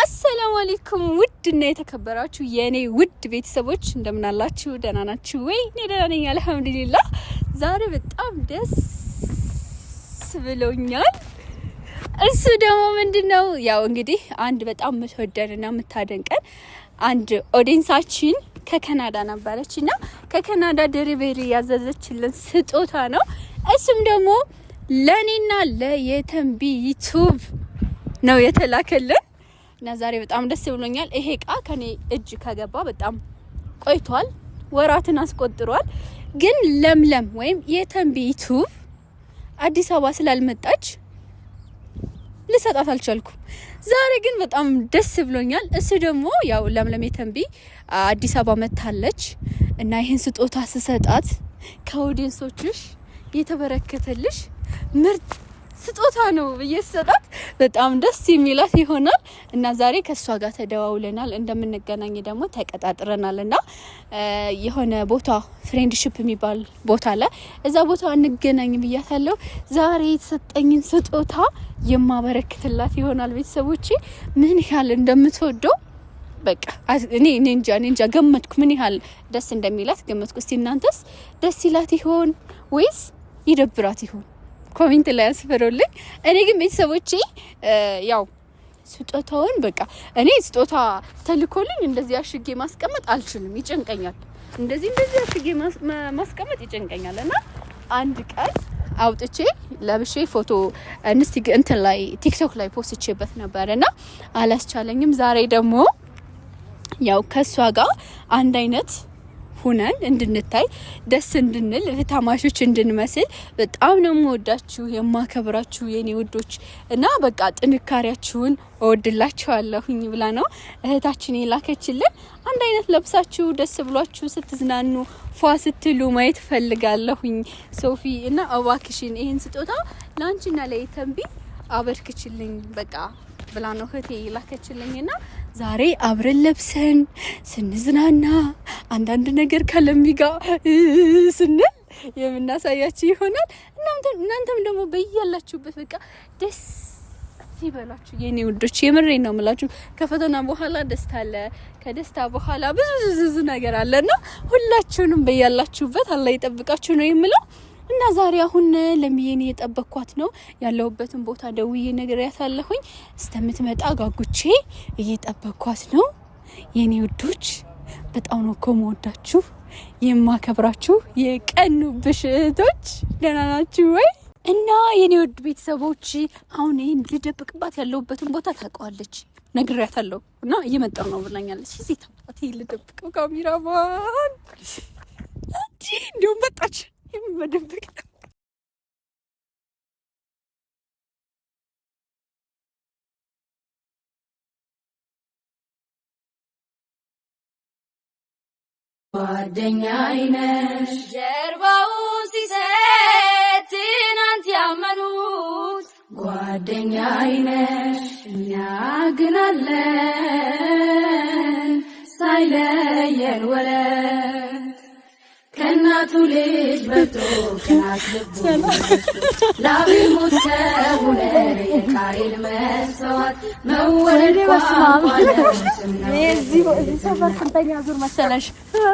አሰላሙ አሌይኩም ውድና የተከበራችሁ የእኔ ውድ ቤተሰቦች እንደምን አላችሁ? ደህና ናችሁ ወይ? እኔ ደህና ነኝ አልሐምዱሊላህ። ዛሬ በጣም ደስ ብሎኛል። እሱ ደግሞ ምንድን ነው ያው እንግዲህ አንድ በጣም የምትወደንና የምታደንቀን አንድ ኦዲንሳችን ከካናዳ ነበረች እና ከካናዳ ደሪቬሪ ያዘዘችልን ስጦታ ነው። እሱም ደግሞ ለእኔና ለየተንቢ ዩቱብ ነው የተላከልን እና ዛሬ በጣም ደስ ብሎኛል። ይሄ እቃ ከኔ እጅ ከገባ በጣም ቆይቷል፣ ወራትን አስቆጥሯል። ግን ለምለም ወይም የተንቢ ዩቱብ አዲስ አበባ ስላልመጣች ልሰጣት አልቻልኩም። ዛሬ ግን በጣም ደስ ብሎኛል። እሱ ደግሞ ያው ለምለሜ ተንቢ አዲስ አበባ መታለች እና ይህን ስጦታ ስሰጣት ከወዲንሶችሽ የተበረከተልሽ ምርጥ ስጦታ ነው ብዬ ስሰጣት በጣም ደስ የሚላት ይሆናል እና ዛሬ ከእሷ ጋር ተደዋውለናል። እንደምንገናኝ ደግሞ ተቀጣጥረናል እና የሆነ ቦታ ፍሬንድሽፕ የሚባል ቦታ አለ። እዛ ቦታ እንገናኝ ብያታለሁ። ዛሬ የተሰጠኝን ስጦታ የማበረክትላት ይሆናል። ቤተሰቦች ምን ያህል እንደምትወደው በቃ እኔ እንጃ እኔ እንጃ ገመትኩ፣ ምን ያህል ደስ እንደሚላት ገመትኩ። እስቲ እናንተስ ደስ ይላት ይሆን ወይስ ይደብራት ይሆን? ኮሜንት ላይ ያስፈረውልኝ። እኔ ግን ቤተሰቦቼ ያው ስጦታውን በቃ እኔ ስጦታ ተልኮልኝ እንደዚህ አሽጌ ማስቀመጥ አልችልም፣ ይጨንቀኛል። እንደዚህ እንደዚህ አሽጌ ማስቀመጥ ይጨንቀኛል እና አንድ ቀን አውጥቼ ለብሼ ፎቶ እንስቲ እንትን ላይ ቲክቶክ ላይ ፖስትቼበት ነበር እና አላስቻለኝም። ዛሬ ደግሞ ያው ከእሷ ጋር አንድ አይነት ሁነን እንድንታይ ደስ እንድንል ታማሾች እንድንመስል በጣም ነው የምወዳችሁ የማከብራችሁ የኔ ውዶች እና በቃ ጥንካሬያችሁን እወድላችኋለሁኝ ብላ ነው እህታችን የላከችልን። አንድ አይነት ለብሳችሁ ደስ ብሏችሁ ስትዝናኑ ፏ ስትሉ ማየት ፈልጋለሁኝ። ሶፊ እና እባክሽን ይህን ስጦታ ለአንቺና ለይተንቢ አበርክችልኝ በቃ ብላ ነው እህቴ የላከችልኝና ዛሬ አብረን ለብሰን ስንዝናና አንዳንድ ነገር ከለሚ ጋር ስንል የምናሳያችሁ ይሆናል። እናንተም ደግሞ በያላችሁበት በቃ ደስ ይበላችሁ የኔ ውዶች፣ የምሬ ነው ምላችሁ። ከፈተና በኋላ ደስታ አለ፣ ከደስታ በኋላ ብዙ ብዙ ነገር አለና ሁላችሁንም በያላችሁበት አላህ ይጠብቃችሁ ነው የምለው። እና ዛሬ አሁን ለሚየኔ እየጠበቅኳት ነው። ያለሁበትን ቦታ ደውዬ ነግሬያታለሁኝ። እስከምትመጣ ጋጉቼ እየጠበቅኳት ነው። የኔ ውዶች በጣም ነው እኮ መወዳችሁ የማከብራችሁ የቀኑ ብሽቶች ደህና ናችሁ ወይ? እና የኔ ውድ ቤተሰቦች አሁን ይህን ልደብቅባት ያለሁበትን ቦታ ታውቀዋለች፣ ነግሬያታለሁ እና እየመጣሁ ነው ብላኛለች። እዚህ ታባት ልደብቀው ካሜራማን እንዲሁም መጣች። በድብቅ ነው። ጓደኛ አይነሽ ጀርባውን ሲሰጥ ትናንት ያመኑት ጓደኛ አይነሽ እኛ ግን አለን ሳይለየን የእናቱ ልጅ በቶ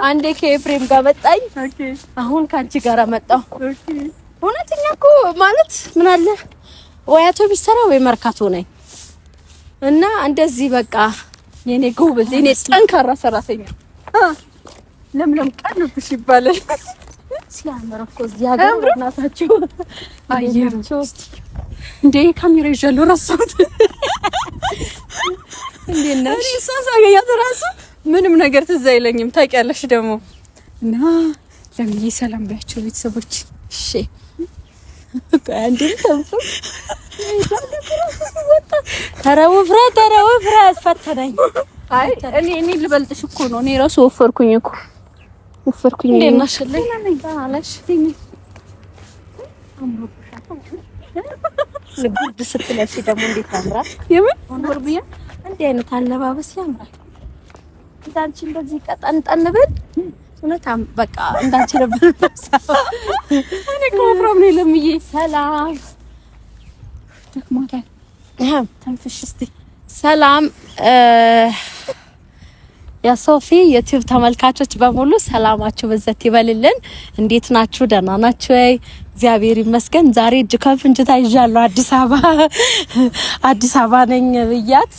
አንዴ ከኤፍሬም ጋር መጣኝ፣ አሁን ከአንቺ ጋር መጣሁ። እውነተኛ እኮ ማለት ምን አለ ወይ አውቶቢስ ሰራ ወይ መርካቶ ነኝ እና እንደዚህ በቃ የኔ ጎበዝ የኔ ጠንካራ ሰራተኛ ለምለም ቀንብሽ ይባላል። ሲያምር እኮ እዚህ ሀገር እናታችሁ አየር እንዴ ካሜራ ይዣለሁ ረሳሁት። እንዴት ነሽ? ሳሳገኛት ራሱ ምንም ነገር ትዝ አይለኝም። ታውቂያለሽ ደግሞ እና ለምዬ ሰላም ባያቸው ቤተሰቦች። እሺ አንዴ ተንፎ ኧረ ውፍረት ኧረ ውፍረት ፈተናኝ። አይ እኔ እኔ ልበልጥሽ እኮ ነው። እኔ ራሱ ወፈርኩኝ እኮ ወፈርኩኝ። እንዴት ነሽ? ጉርድ ስትለብሺ ደግሞ እንዴት ያምራል! የምን ብዬሽ እንዲህ አይነት አለባበስ ያምራል። እንዳንቺ እንደዚህ ቀጠን ጠን ብል በቃ እንዳንቺ ነበር። እኔ እኮ ወፍራም ነኝ። ለምዬ ሰላም ደክሞታል። ተንፍሽ እስኪ ሰላም የሶፊ ዩቲዩብ ተመልካቾች በሙሉ ሰላማችሁ በዘት ይበልልን። እንዴት ናችሁ? ደህና ናችሁ ወይ? እግዚአብሔር ይመስገን። ዛሬ እጅ ከፍንጅ ታይዣለሁ። አዲስ አበባ አዲስ አበባ ነኝ ብያት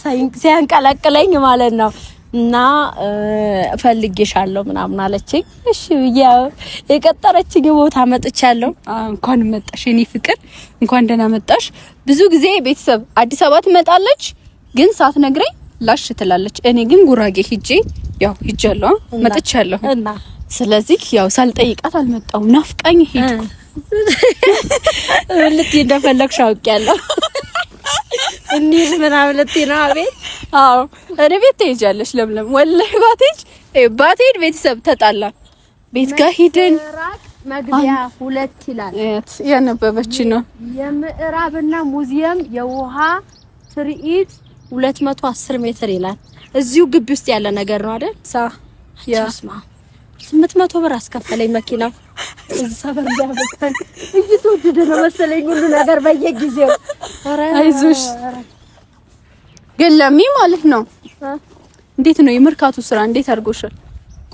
ሲያንቀለቅለኝ ማለት ነው እና ፈልጌሻለሁ ምናምን አለችኝ። እሺ ያው የቀጠረችኝ ቦታ መጥቻለሁ። እንኳን መጣሽ የኔ ፍቅር፣ እንኳን ደህና መጣሽ። ብዙ ጊዜ ቤተሰብ አዲስ አበባ ትመጣለች ግን ሳትነግረኝ ላሽ ትላለች። እኔ ግን ጉራጌ ሂጄ ያው ሂጃለሁ መጥቻለሁ። ስለዚህ ያው ሳልጠይቃት አልመጣሁም። ናፍቃኝ ሄድኩ። ልትይ እንደፈለግሽ አውቄያለሁ። እንዴት ምናምን ልትይ ነው? አቤት አዎ፣ እኔ ቤት ትሄጃለሽ። ለምለም ወላሂ ባትሄጅ ባትሄድ ቤተሰብ ተጣላ። ቤት ጋር ሂደን መግቢያ ሁለት ይላል ያነበበች ነው የምዕራብና ሙዚየም የውሃ ትርኢት ሁለት መቶ አስር ሜትር ይላል። እዚሁ ግቢ ውስጥ ያለ ነገር ነው አይደል? ሳ ያ ስምንት መቶ ብር አስከፈለኝ መኪናው። እዛ በርዳ በቃ እየተወደደ ነው መሰለኝ ሁሉ ነገር በየጊዜው። አይዞሽ ግን ለሚ ማለት ነው። እንዴት ነው የመርካቱ ስራ እንዴት አድርጎሻል?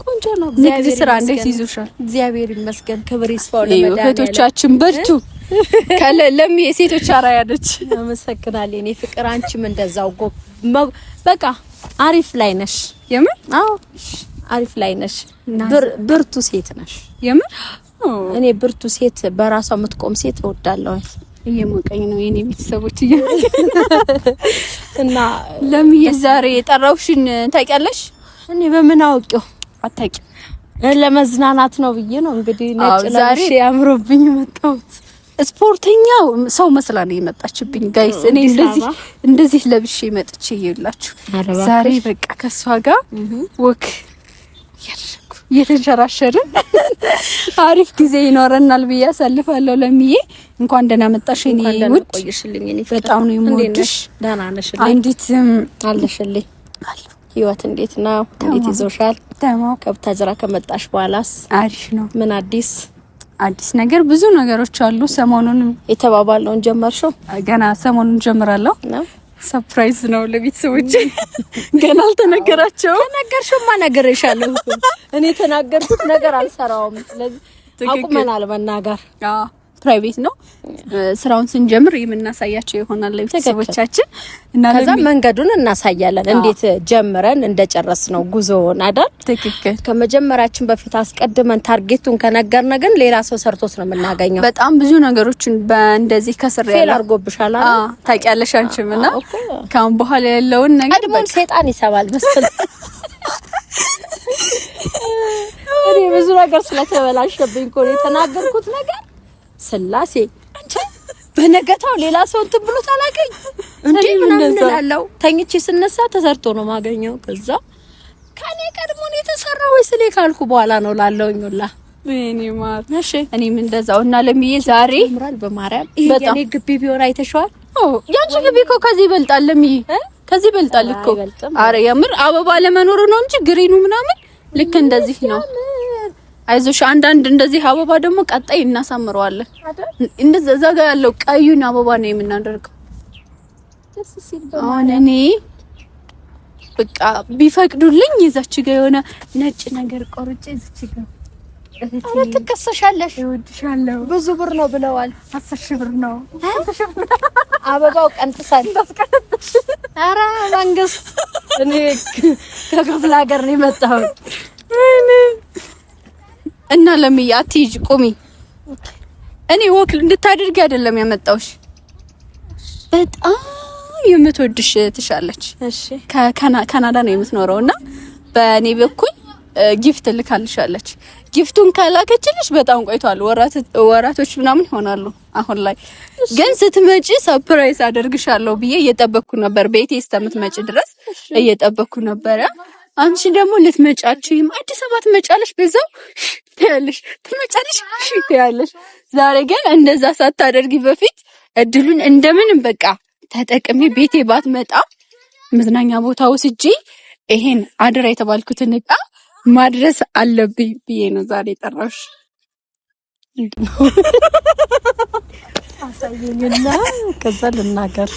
ቆንጆ ነው። እግዚአብሔር ስራ እንዴት ይዞሻል? እግዚአብሔር ይመስገን። ክብር ይስፋው ለመዳን እህቶቻችን በርቱ። ለሚ የሴቶች አራያ ነች። አመሰግናለሁ እኔ ፍቅር። አንቺም እንደዛው ጎ በቃ አሪፍ ላይ ነሽ። የምር አዎ፣ አሪፍ ላይ ነሽ። ብርቱ ሴት ነሽ። የምር እኔ ብርቱ ሴት፣ በራሷ የምትቆም ሴት እወዳለሁ። እየሞቀኝ ነው የኔ ቤተሰቦች እያ እና ለሚ ዛሬ የጠራውሽን ታውቂያለሽ? እኔ በምን አውቄው አታውቂም። ለመዝናናት ነው ብዬ ነው እንግዲህ ነጭ ለብሼ ያምሮብኝ መጣሁት። ስፖርተኛው ሰው መስላ ነው የመጣችብኝ ጋይስ። እኔ እንደዚህ እንደዚህ ለብሼ መጥቼ ይላችሁ ዛሬ በቃ ከሷ ጋር ወክ ያደረኩ እየተንሸራሸርን አሪፍ ጊዜ ይኖረናል ብዬ አሳልፋለሁ። ለሚዬ እንኳን ደህና መጣሽ። እኔ ውድ በጣም ነው የምወድሽ። አንዲት አለሽልኝ አለሁ ህይወት እንዴት ነው? እንዴት ይዞሻል? ከቡታጅራ ከመጣሽ በኋላስ አሪፍ ነው። ምን አዲስ አዲስ ነገር? ብዙ ነገሮች አሉ። ሰሞኑን የተባባለውን ጀመርሽው? ገና ሰሞኑን ጀምራለሁ። ሰርፕራይዝ ነው ለቤተሰቦች ገና አልተነገራቸው። ተነገርሽማ ነግሬሻለሁ። እኔ የተናገርኩት ነገር አልሰራውም። ስለዚህ አቁመናል መናገር ፕራይቬት ነው። ስራውን ስንጀምር የምናሳያቸው ይሆናል ለቤተሰቦቻችን እና ከዛ መንገዱን እናሳያለን፣ እንዴት ጀምረን እንደጨረስ ነው ጉዞውን አይደል? ትክክል። ከመጀመራችን በፊት አስቀድመን ታርጌቱን ከነገርነ ግን ሌላ ሰው ሰርቶት ነው የምናገኘው። በጣም ብዙ ነገሮችን በእንደዚህ ከስር ያለ ፌል አድርጎብሻል ታውቂያለሽ አንቺም እና ካሁን በኋላ ያለውን ነገር ሴጣን ይሰባል መስል እኔ ብዙ ነገር ስለተበላሸብኝ እኮ ነው የተናገርኩት ነገር ስላሴ አንቺ በነገታው ሌላ ሰው እንትን ብሎት አላገኝ እንዴ ምናምን እላለሁ። ተኝቼ ስነሳ ተሰርቶ ነው ማገኘው። ከዛ ከኔ ቀድሞ ነው የተሰራው ወይስ እኔ ካልኩ በኋላ ነው ላለውኝ ሁላ እኔም እንደዛው እና ለሚዬ ዛሬ ምራል በማርያም የኔ ግቢ ቢሆን አይተሽዋል። ያንቺ ግቢ እኮ ከዚህ ይበልጣል። ለሚዬ ከዚህ ይበልጣል እኮ። አረ የምር አበባ ለመኖር ነው እንጂ ግሪኑ ምናምን ልክ እንደዚህ ነው። አይዞሽ አንዳንድ እንደዚህ አበባ ደግሞ ቀጣይ እናሳምረዋለን። እንደዛ እዛ ጋር ያለው ቀዩን አበባ ነው የምናደርገው። አሁን እኔ በቃ ቢፈቅዱልኝ እዛች ጋር የሆነ ነጭ ነገር ቆርጬ እዛች ጋር አረ ትከሰሻለሽ። እወድሻለሁ ብዙ ብር ነው ብለዋል። አስር ሺህ ብር ነው አበባው ቀንጥሳል። አረ መንግስት፣ እኔ ከክፍለ ሀገር ነው የመጣሁት እና ለምዬ አትሂጂ፣ ቁሚ። እኔ ወክል እንድታደርጊ አይደለም ያመጣውሽ። በጣም የምትወድሽ ትሻለች። እሺ፣ ከካናዳ ነው የምትኖረው እና በእኔ በኩል ጊፍት ልካልሻለች። ጊፍቱን ካላከችልሽ በጣም ቆይቷል፣ ወራቶች ምናምን ይሆናሉ። አሁን ላይ ግን ስትመጪ ሰርፕራይዝ አደርግሻለሁ ብዬ እየጠበኩ ነበር። ቤቴ እስከምትመጪ ድረስ እየጠበኩ ነበረ። አንቺ ደግሞ ልትመጫችሁም አዲስ አበባ ትመጫለሽ፣ በዛው ትያለሽ፣ ትመጫለሽ፣ እሺ ትያለሽ። ዛሬ ግን እንደዛ ሳታደርጊ በፊት እድሉን እንደምንም በቃ ተጠቅሜ ቤቴ ባትመጣ መዝናኛ ቦታ ወስጄ ይሄን አደራ የተባልኩትን እቃ ማድረስ አለብኝ ብዬ ነው ዛሬ ጠራሽ። አሳየኝና ከዛ ልናገር።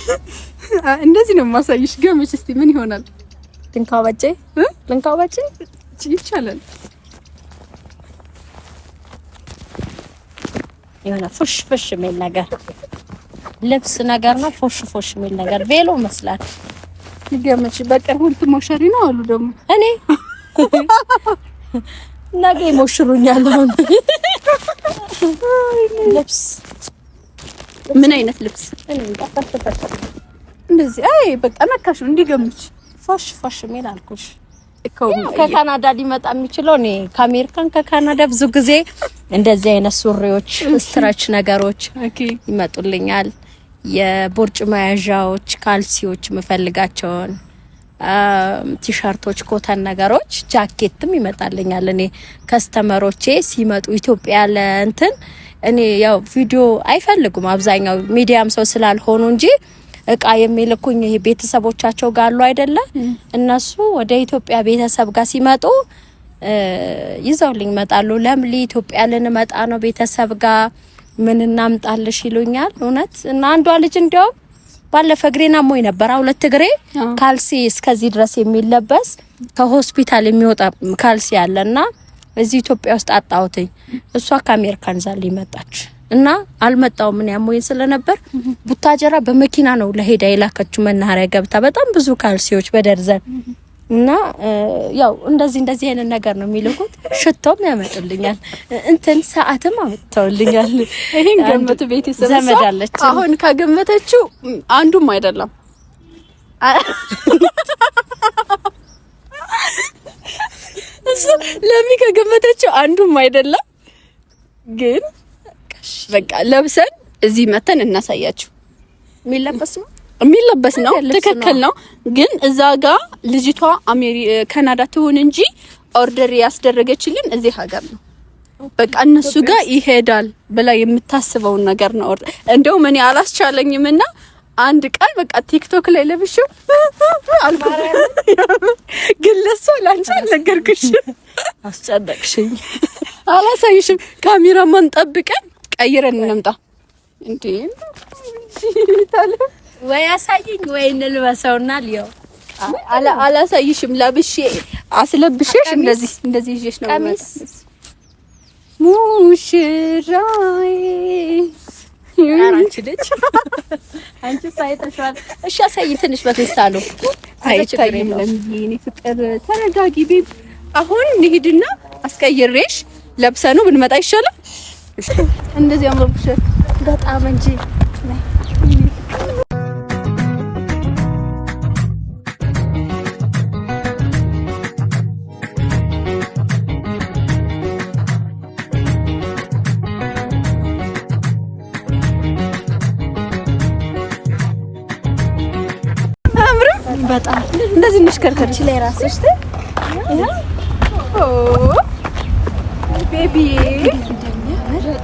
እንደዚህ ነው የማሳይሽ። ገመች እስቲ ምን ይሆናል? ልንካባጭ ልንካባጭ ይቻላል። የሆነ ፎሽ ፎሽ የሚል ነገር ልብስ ነገር ነው። ፎሽ ፎሽ የሚል ነገር ቬሎ መስላል። ይገመች። በቃ ሁልት ሞሸሪ ነው አሉ ደግሞ እኔ ነገ ይሞሽሩኛል። አሁን ልብስ ምን አይነት ልብስ እንደዚህ አይ በቃ ነካሽ እንዲገምች ፎሽ ፎሽ የሚል አልኩሽ። ከካናዳ ሊመጣ የሚችለው እኔ ከአሜሪካን ከካናዳ ብዙ ጊዜ እንደዚህ አይነት ሱሪዎች ስትራች ነገሮች ይመጡልኛል። የቦርጭ መያዣዎች፣ ካልሲዎች የምፈልጋቸውን ቲሸርቶች፣ ኮተን ነገሮች፣ ጃኬትም ይመጣልኛል። እኔ ከስተመሮቼ ሲመጡ ኢትዮጵያ ለእንትን እኔ ያው ቪዲዮ አይፈልጉም አብዛኛው ሚዲያም ሰው ስላልሆኑ እንጂ እቃ የሚልኩኝ ይሄ ቤተሰቦቻቸው ጋር አሉ አይደለ? እነሱ ወደ ኢትዮጵያ ቤተሰብ ጋር ሲመጡ ይዘውልኝ ይመጣሉ። ለምሊ ኢትዮጵያ ልንመጣ ነው ቤተሰብ ጋር ምን እናምጣልሽ ይሉኛል። እውነት እና አንዷ ልጅ እንዲያውም ባለፈ እግሬን አሞኝ ነበር። ሁለት እግሬ ካልሲ እስከዚህ ድረስ የሚለበስ ከሆስፒታል የሚወጣ ካልሲ አለና እዚህ ኢትዮጵያ ውስጥ አጣሁትኝ። እሷ ከአሜሪካን ዛል ይመጣች እና አልመጣውም። ምን ያሞኝ ስለነበር ቡታጀራ በመኪና ነው ለሄዳ የላከችው መናኸሪያ ገብታ በጣም ብዙ ካልሲዎች በደርዘን እና ያው እንደዚህ እንደዚህ አይነት ነገር ነው የሚልኩት። ሽቶም ያመጡልኛል፣ እንትን ሰዓትም አመጥተውልኛል ይሄን ገመቱ ቤት ይሰመዳለች። አሁን ከገመተችው አንዱም አይደለም እሱ ለሚ ከገመተችው አንዱም አይደለም ግን በቃ ለብሰን እዚህ መተን እናሳያችሁ። የሚለበስ ነው የሚለበስ ነው ትክክል ነው። ግን እዛ ጋ ልጅቷ አሜሪ ካናዳ ትሆን እንጂ ኦርደር ያስደረገችልን እዚህ ሀገር ነው። በቃ እነሱ ጋር ይሄዳል ብላ የምታስበውን ነገር ነው። እንደውም እኔ አላስቻለኝም እና አንድ ቀን በቃ ቲክቶክ ላይ ለብሼው አልኩት። ግን ለእሷ ላንቺ አልነገርኩሽም፣ አስጨነቅሽኝ፣ አላሳይሽም። ካሜራማን ጠብቀን ቀይረን እንምጣ እንዴ ወይ አሳይኝ ወይ እንልበሰውና ሊያው አለ አላሳይሽም። ለብሼ አስለብሼሽ እንደዚህ እንደዚህ ይዤሽ ነው ማለት ሙሽራዬ አንቺ ልጅ አንቺ ሳይተሽዋል። እሺ አሳይ ትንሽ በፌስታሉ አይታይም። ለምን ፍቅር ተረጋጊ ቤቢ። አሁን እንሂድና አስቀይሬሽ ለብሰኑ ብንመጣ ይሻላል። እንደዚህ አምሮብሻል በጣም እንጂ በጣም እንደዚህ እንሽከርከር እቺ ላይ ራስሽ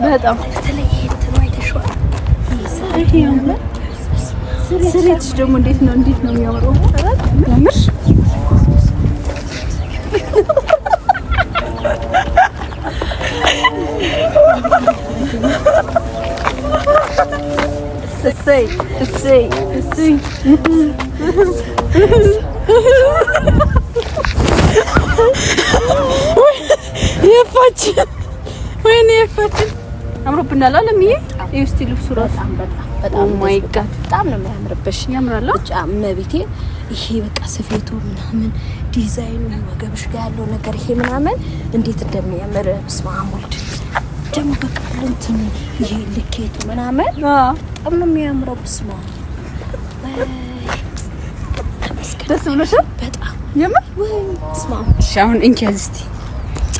በጣም ስሬትሽ ደግሞ እንዴት ነው? እንዴት ነው የሚያምረው? ያምር የፋችን ወይኔ የፋችን አምሮብናል አለም። ይሄ ይሄ እስቲ ልብሱ ራሱ በጣም በጣም ማይ ጋድ በጣም ነው የሚያምርብሽ። ያምራለሁ ብቻ መቤቴ ይሄ በቃ ስፌቱ ምናምን ዲዛይኑ ወገብሽ ጋር ያለው ነገር ይሄ ምናምን እንዴት እንደሚያምር በስመ አብ ደግሞ በቃ እንትን ይሄ ልኬቱ ምናምን በጣም ነው የሚያምረው። በስመ ደስ ብሎሻል በጣም የምር ወይ? በስመ አብ አሁን እንኪያዝ እስቲ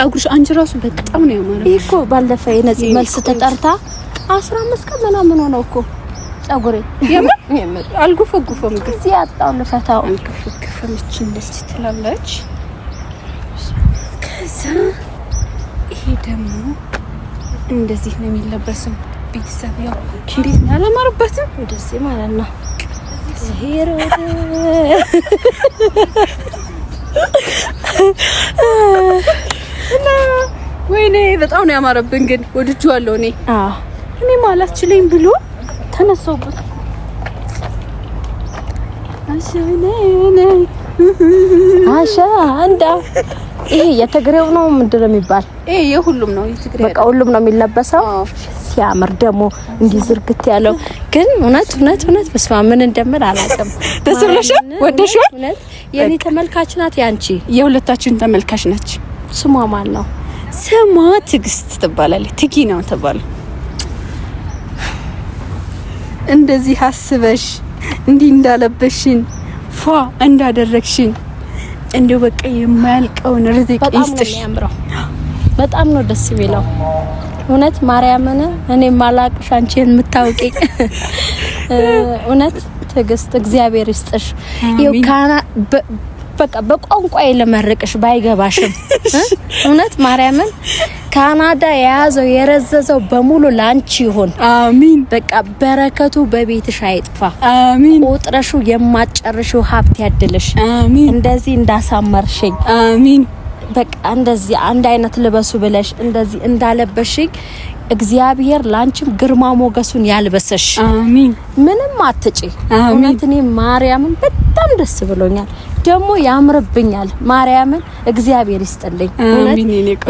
ጸጉርሽ አንቺ ራሱ በጣም ነው ያማረው እኮ። ባለፈ የነጽ መልስ ተጠርታ 15 አምስት ቀን ምናምን ሆነው እኮ ጸጉሬ የምር የምር አልጎፈጎፈም። እዚህ ያጣው ልፈታው አልጎፈጎፈም። እቺ እንደዚህ ትላለች። ከዛ ይሄ ደግሞ እንደዚህ ነው የሚለበሰው። ቤተሰብ ያው እንዴት ነው ያላማረበትም? እንደዚህ ማለት ነው ሄሮ ወይኔ በጣም ነው ያማረብን፣ ግን ወድጄዋለሁ። እኔ አዎ እኔም አላስችለኝ ብሎ ተነሳውበት። አሻ አንዳ ይሄ የትግሬው ነው ምንድን ነው የሚባል? ይሄ የሁሉም ነው የትግሬው። በቃ ሁሉም ነው የሚለበሰው። ሲያምር ደግሞ እንዲህ ዝርግት ያለው ግን እውነት እውነት እውነት በስማ ምን እንደምል አላውቅም። ደስ ብለሽ ወደሽ የኔ ተመልካች ናት ያንቺ፣ የሁለታችን ተመልካች ናች። ስሟ ማን ነው? ስማ ትግስት ትባላለች። ትኪ ነው ተባለ። እንደዚህ አስበሽ እንዲህ እንዳለበሽን ፏ እንዳደረግሽን እንደው በቃ የማያልቀውን ርዝቅ ይስጥሽ። በጣም ነው ደስ የሚለው እውነት ማርያምን እኔ ማላቅሽ አንቺ የምታውቂ እውነት ትዕግስት እግዚአብሔር ይስጥሽ። በቃ በቋንቋ የለመረቅሽ ባይገባሽም እውነት ማርያምን ካናዳ የያዘው የረዘዘው በሙሉ ላንቺ ይሁን። አሚን። በቃ በረከቱ በቤትሽ አይጥፋ። አሚን። ቁጥረሹ የማጨርሹ ሀብት ያድልሽ። አሚን። እንደዚህ እንዳሳመርሽኝ፣ አሚን። በቃ እንደዚህ አንድ አይነት ልበሱ ብለሽ እንደዚህ እንዳለበሽኝ እግዚአብሔር ላንቺም ግርማ ሞገሱን ያልበሰሽ። አሚን። ምንም አትጪ። እውነት እኔ ማርያምን በጣም ደስ ብሎኛል። ደግሞ ያምርብኛል። ማርያምን እግዚአብሔር ይስጥልኝ። እውነት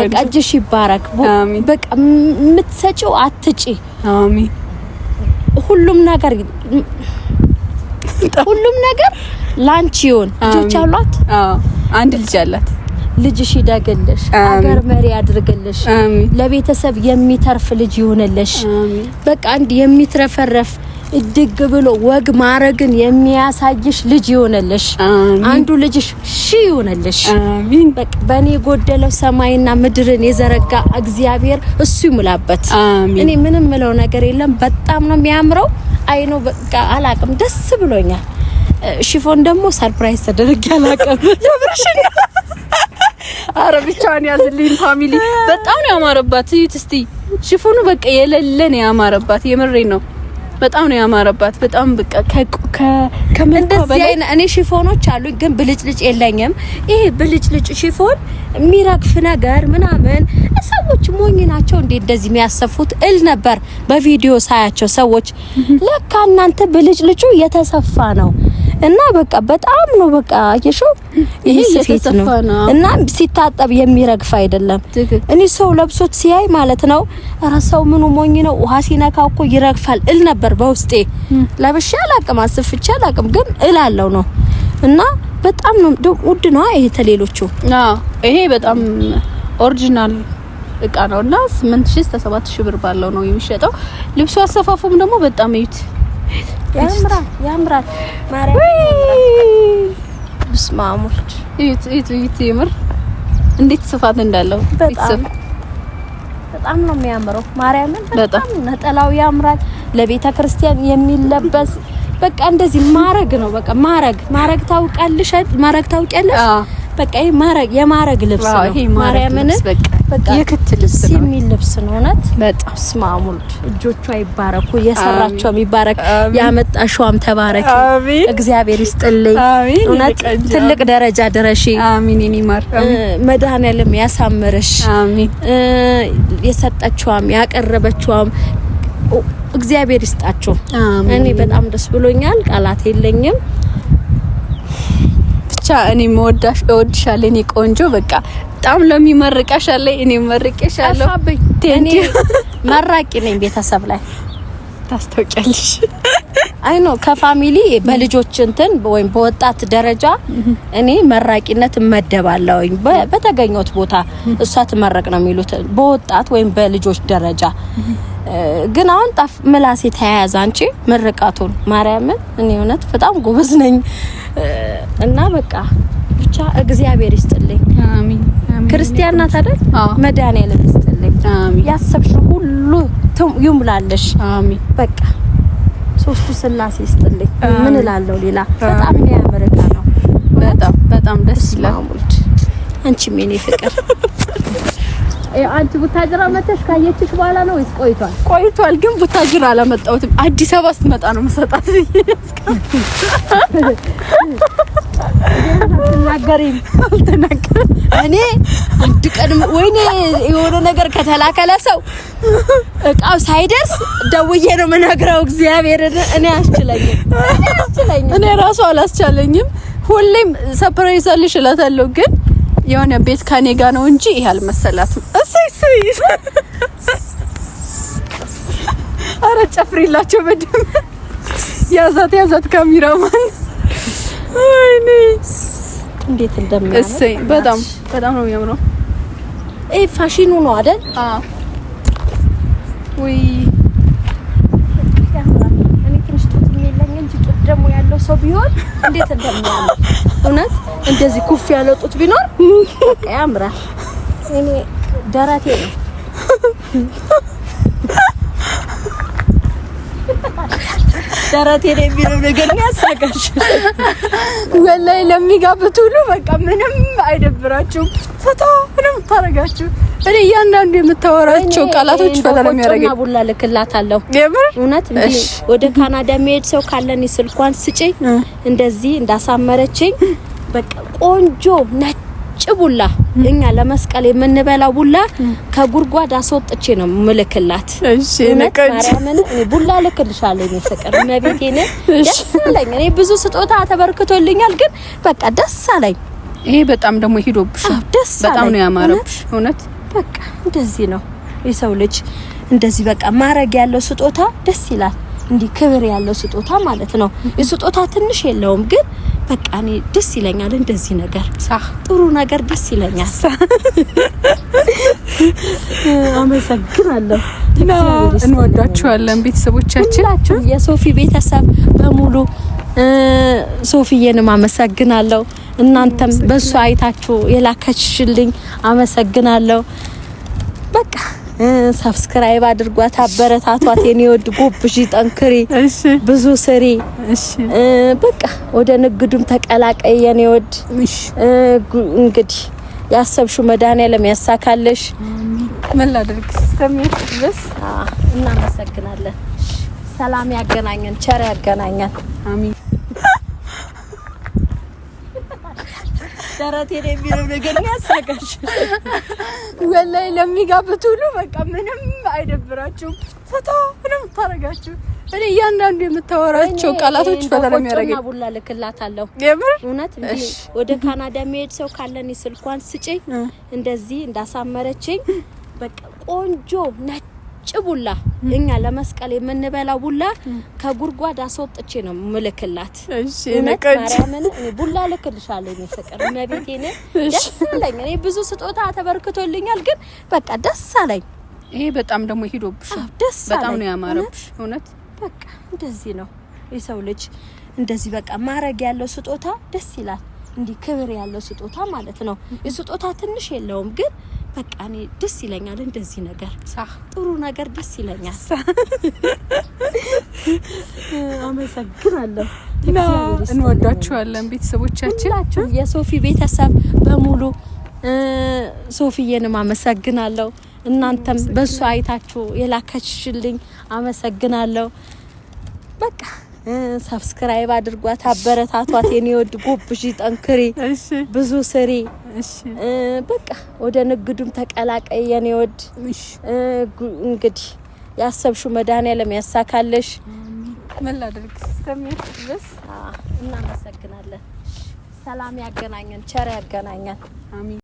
በቃ እጅሽ ይባረክ። በቃ የምትሰጪው አትጪ። አሜን። ሁሉም ነገር ሁሉም ነገር ላንቺ ይሁን። ልጆች አሏት? አንድ ልጅ አላት። ልጅሽ ይደግልሽ፣ አገር መሪ ያድርግልሽ፣ ለቤተሰብ የሚተርፍ ልጅ ይሁንልሽ። በቃ አንድ የሚትረፈረፍ እድግ ብሎ ወግ ማረግን የሚያሳይሽ ልጅ ይሆነልሽ። አንዱ ልጅሽ ሺ ይሆነልሽ። አሜን። በቃ በኔ የጎደለው ሰማይና ምድርን የዘረጋ እግዚአብሔር እሱ ይሙላበት። እኔ ምንም ምለው ነገር የለም። በጣም ነው የሚያምረው። አይ ነው በቃ አላቅም፣ ደስ ብሎኛል። ሽፎን ደግሞ ሰርፕራይዝ ተደረገ ያላቀም ለብርሽን አረ ብቻዋን ያዝልኝ ፋሚሊ። በጣም ነው ያማረባት። እዩት እስቲ ሽፎኑ በቃ የሌለ ነው ያማረባት። የምሬ ነው። በጣም ነው ያማረባት። በጣም በቃ እኔ ሽፎኖች አሉ ግን ብልጭልጭ የለኝም። ይሄ ብልጭልጭ ሽፎን የሚረግፍ ነገር ምናምን ሰዎች ሞኝ ናቸው እንዴ እንደዚህ የሚያሰፉት እል ነበር በቪዲዮ ሳያቸው ሰዎች። ለካ እናንተ ብልጭልጩ የተሰፋ ነው እና በቃ በጣም ነው በቃ አየሽው፣ ይሄ ስፌት ነው እና ሲታጠብ የሚረግፍ አይደለም። እኔ ሰው ለብሶት ሲያይ ማለት ነው ኧረ ሰው ምኑ ሞኝ ነው ውሃ ሲነካ እኮ ይረግፋል እል ነበር በውስጤ። ለብሼ አላቅም፣ አስፍቼ አላቅም፣ ግን እላለው ነው እና በጣም ነው ውድ ነው ይሄ ተሌሎቹ። አዎ ይሄ በጣም ኦሪጂናል እቃ ነውና 8000 እስከ 7000 ብር ባለው ነው የሚሸጠው ልብሱ። አሰፋፉም ደግሞ በጣም ይዩት ያምራል ያምራል። ማርያም ብስመ አብ እዩት እዩት እዩት። የምር እንዴት ስፋት እንዳለው ቤተሰብ በጣም ነው የሚያምረው። ማርያምን በጣም ነጠላው ያምራል። ለቤተ ክርስቲያን የሚለበስ በቃ እንደዚህ ማረግ ነው። በቃ ማረግ ማረግ ታውቃለሽ? ማረግ ታውቂያለሽ? በቃ ይሄ ማረግ የማረግ ልብስ ነው። ይሄ ማርያምን በቃ በቃ የክት ልብስ ነው የሚል ልብስ ነው። እውነት በጣም ስማሙልድ እጆቿ ይባረኩ፣ የሰራቸውም ይባረክ፣ ያመጣሽዋም ተባረክ። እግዚአብሔር ይስጥልኝ። እውነት ትልቅ ደረጃ ድረሺ። አሚን። ይማር መድኃኔዓለም ያሳምርሽ። አሚን። የሰጠችዋም ያቀረበችዋም እግዚአብሔር ይስጣችሁ። እኔ በጣም ደስ ብሎኛል፣ ቃላት የለኝም። ብቻ እኔ እወድሻለሁ የእኔ ቆንጆ በቃ በጣም ለሚመርቀሻለኝ እኔ መርቄሻለሁ። እኔ መራቂ ነኝ። ቤተሰብ ላይ ታስታውቂያለሽ። አይ ኖ ከፋሚሊ በልጆች እንትን ወይም በወጣት ደረጃ እኔ መራቂነት እመደባለሁኝ። በተገኘሁት ቦታ እሷ ትመረቅ ነው የሚሉት በወጣት ወይም በልጆች ደረጃ ግን አሁን ጣፍ ምላሴ የተያያዘ አንቺ ምርቃቱን ማርያምን እኔ እውነት በጣም ጎበዝ ነኝ እና በቃ ብቻ እግዚአብሔር ይስጥልኝ። አሜን። ክርስቲያን ናት አይደል? መድኃኒዓለም ይስጥልኝ። አሜን። ያሰብሽው ሁሉ ይሙላልሽ። አሜን። በቃ ሶስቱ ስላሴ ይስጥልኝ። ምን እላለሁ ሌላ? በጣም የሚያምር ዕቃ ነው። በጣም በጣም ደስ ይላል። አንቺም የኔ ፍቅር አንቺ ቡታጅራ መተሽ ካየችሽ በኋላ ነው ወይስ ቆይቷል? ቆይቷል፣ ግን ቡታጅራ አላመጣሁትም። አዲስ አበባ ስትመጣ ነው መሰጣት አትናገሪም አልተናገርም። እኔ እንድቀድም ወይኔ የሆነ ነገር ከተላከለ ሰው እቃው ሳይደርስ ደውዬ ነው የምነግረው። እግዚአብሔርን እኔ አስችለኝም እኔ ራሱ አላስቻለኝም። ሁሌም ሰፕራይዝ አለሽ እላታለሁ፣ ግን የሆነ ቤት ከኔ ጋር ነው እንጂ ይሄ አልመሰላትም። እሰይ እሰይ አረ ጨፍሪላቸው በደምብ ያዛት ያዛት ካሜራማን እንዴት እንደሚያምር እሰይ! በጣም በጣም ነው የሚያምረው። ይሄ ፋሽኑ ነው አይደል? አዎ። ደግሞ ያለው ሰው ቢሆን እንዴት እንደሚያምር እውነት። እንደዚህ ኩፍ ያለው ጡት ቢኖር ያምራል። እኔ ደረቴ ነው ደረቴ ላይ የሚለው ነገር ያሳቀሽ። ወላሂ ለሚጋብት ሁሉ በቃ ምንም አይደብራችሁም። ፈታ ምንም ታረጋችሁ። እኔ እያንዳንዱ የምታወራቸው ቃላቶች ፈታ ነው የሚያረጋኝ። ቡላ ልክላታለሁ። እውነት ወደ ካናዳ የሚሄድ ሰው ካለኝ ስልኳን ስጪኝ። እንደዚህ እንዳሳመረችኝ በቃ ቆንጆ ነች ነጭ ቡላ እኛ ለመስቀል የምንበላው ቡላ ከጉድጓድ አስወጥቼ ነው ምልክላት። እሺ ማርያምን ቡላ ልክልሻለሁ። እኔ ፍቅር መቤቴን ደስ አለኝ። እኔ ብዙ ስጦታ ተበርክቶልኛል፣ ግን በቃ ደስ አለኝ። ይሄ በጣም ደግሞ ሂዶብሽ ደስ አለኝ። በጣም ነው ያማረብሽ። እውነት በቃ እንደዚህ ነው የሰው ልጅ እንደዚህ በቃ ማረግ ያለው ስጦታ ደስ ይላል። እንዲህ ክብር ያለው ስጦታ ማለት ነው። የስጦታ ትንሽ የለውም ግን በቃ እኔ ደስ ይለኛል እንደዚህ ነገር ጥሩ ነገር ደስ ይለኛል። አመሰግናለሁ። እንወዳችኋለን ቤተሰቦቻችን፣ የሶፊ ቤተሰብ በሙሉ ሶፊዬንም አመሰግናለሁ። እናንተም በሱ አይታችሁ የላከችሽልኝ አመሰግናለሁ። በቃ ሰብስክራይብ አድርጓት፣ አበረታቷት። የኔ ወድ ጎብዢ፣ ጠንክሪ፣ ብዙ ስሪ። በቃ ወደ ንግዱም ተቀላቀይ የኔ ወድ። እንግዲህ ያሰብሽው መድኃኒዓለም ያሳካለሽ። ምን ላድርግ እናመሰግናለን። ሰላም ያገናኘን፣ ቸር ያገናኘን። አሚን። ጠረት የሚለው ነገር ያሳቃሽ። ወላይ ለሚጋብት ሁሉ በቃ ምንም አይደብራችሁም። ፈታ ምንም የምታረጋችሁ እኔ እያንዳንዱ የምታወራቸው ቃላቶች ፈታ ነው የሚያደርገኝ። ቡላ የምር እውነት። ወደ ካናዳ የሚሄድ ሰው ካለኝ ስልኳን ስጪኝ። እንደዚህ እንዳሳመረችኝ በቃ ቆንጆ ነች ነጭ ቡላ እኛ ለመስቀል የምንበላው ቡላ ከጉድጓድ አስወጥቼ ነው ምልክላት። እሺ ማርያምን ቡላ ልክልሻለሁ። እኔ ፍቅር እመቤቴ ነኝ። ደስ አለኝ። እኔ ብዙ ስጦታ ተበርክቶልኛል፣ ግን በቃ ደስ አለኝ። ይሄ በጣም ደግሞ ሂዶብሽ ደስ በጣም ነው ያማረብሽ። እውነት በቃ እንደዚህ ነው የሰው ልጅ እንደዚህ በቃ ማረግ ያለው ስጦታ ደስ ይላል። እንዲህ ክብር ያለው ስጦታ ማለት ነው። የስጦታ ትንሽ የለውም ግን በቃ እኔ ደስ ይለኛል እንደዚህ ነገር ጥሩ ነገር ደስ ይለኛል። አመሰግናለሁ። እንወዳችኋለን ቤተሰቦቻችን፣ የሶፊ ቤተሰብ በሙሉ ሶፊዬንም አመሰግናለሁ። እናንተም በእሱ አይታችሁ የላከችልኝ አመሰግናለሁ። በቃ ሰብስክራይብ አድርጓት፣ አበረታቷት። የኔ ወድ ጎብሽ፣ ጠንክሪ፣ ብዙ ስሪ። በቃ ወደ ንግዱም ተቀላቀይ የኔ ወድ። እንግዲህ ያሰብሹ መድኃኒዓለም ያሳካለሽ። እናመሰግናለን። ሰላም ያገናኘን፣ ቸር ያገናኘን።